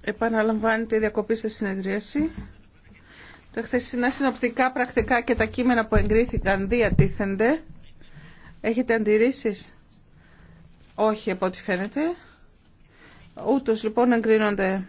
Επαναλαμβάνεται η διακοπή στη συνεδρίαση. Τα χθεσινά συνοπτικά πρακτικά και τα κείμενα που εγκρίθηκαν διατίθενται. Έχετε αντιρρήσεις? Όχι από ό,τι φαίνεται. Ούτως λοιπόν εγκρίνονται